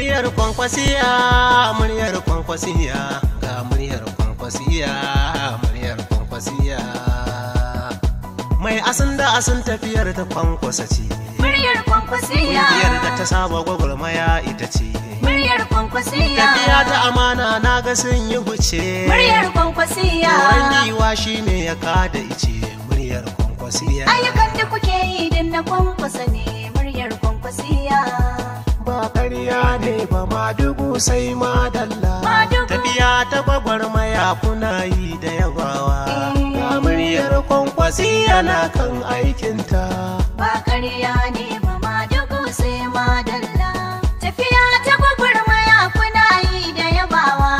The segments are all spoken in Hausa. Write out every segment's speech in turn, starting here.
muryar kwankwasiya muryar kwankwasiya ga muryar kwankwasiya muryar kwankwasiya mai asin da asin tafiyar ta kwankwasa ce muryar kwankwasiya muryar da ta saba gwagwarmaya ita ce muryar kwankwasiya tafiya ta amana na ga sun yi huce muryar kwankwasiya wani wa ne ya kada ice muryar kwankwasiya ayyukan da kuke yi din na kwankwasa ne muryar kwankwasiya ba ƙarya ne ba ma dubu sai ma dalla tafiya ta gwagwarmaya kuna yi da yabawa ga muryar kwankwasi yana kan aikinta ba ƙarya ne ba ma dubu sai ma dalla tafiya ta gwagwarmaya kuna yi da yabawa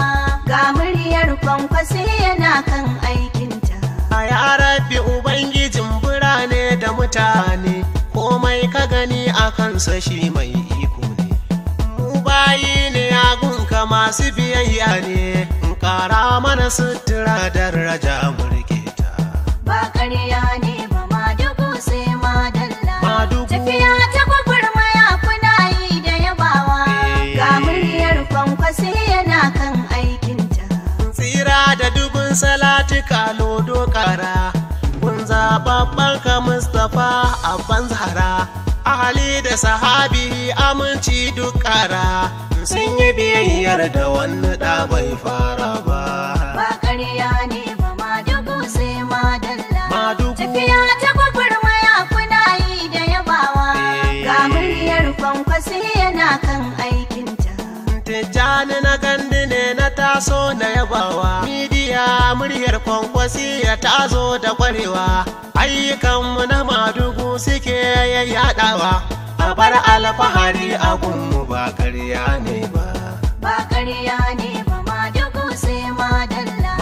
ga muryar kwankwasi yana kan aikinta a yarar ubangijin birane da mutane komai ka gani a kansa shi mai iko bayi ne agunka masu biyayya ne nkara mana sutura daraja murke ta ba ƙarya ne ba ma dubu sai ma dalla tafiya ta gwagwarmaya kuna yi da yabawa eh. ga muryar kwankwasi yana kan aikinta tsira da dubun salati lodo kara kun zaɓaɓɓarka mustapha a banzara ahali da sahabi aminci duk kara. sun yi biyayyar da wani da bai fara ba ba ƙarya ne ba ma dubu sai ma dalla tafiya ta maya kuna yi da yabawa eh. ga muryar kwankwasi yana kan aikinta tijjani na gandu ne na taso na yabawa midiya muryar kwankwasi ya tazo da kwarewa ayyukanmu na ma suke yayyadawa a bar alfahari a gunmu ba karya ne ba ba karya ne ba ma duku sai ma dalla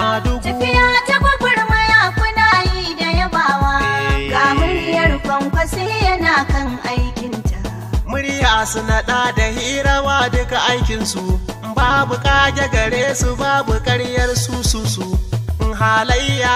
tafiya ta gwagwarmaya kuna yi da yabawa eh. ga muryar kwankwasi yana kan aikinta murya su naɗa da hirawa duka su babu kage gare su babu karyar su su su halayya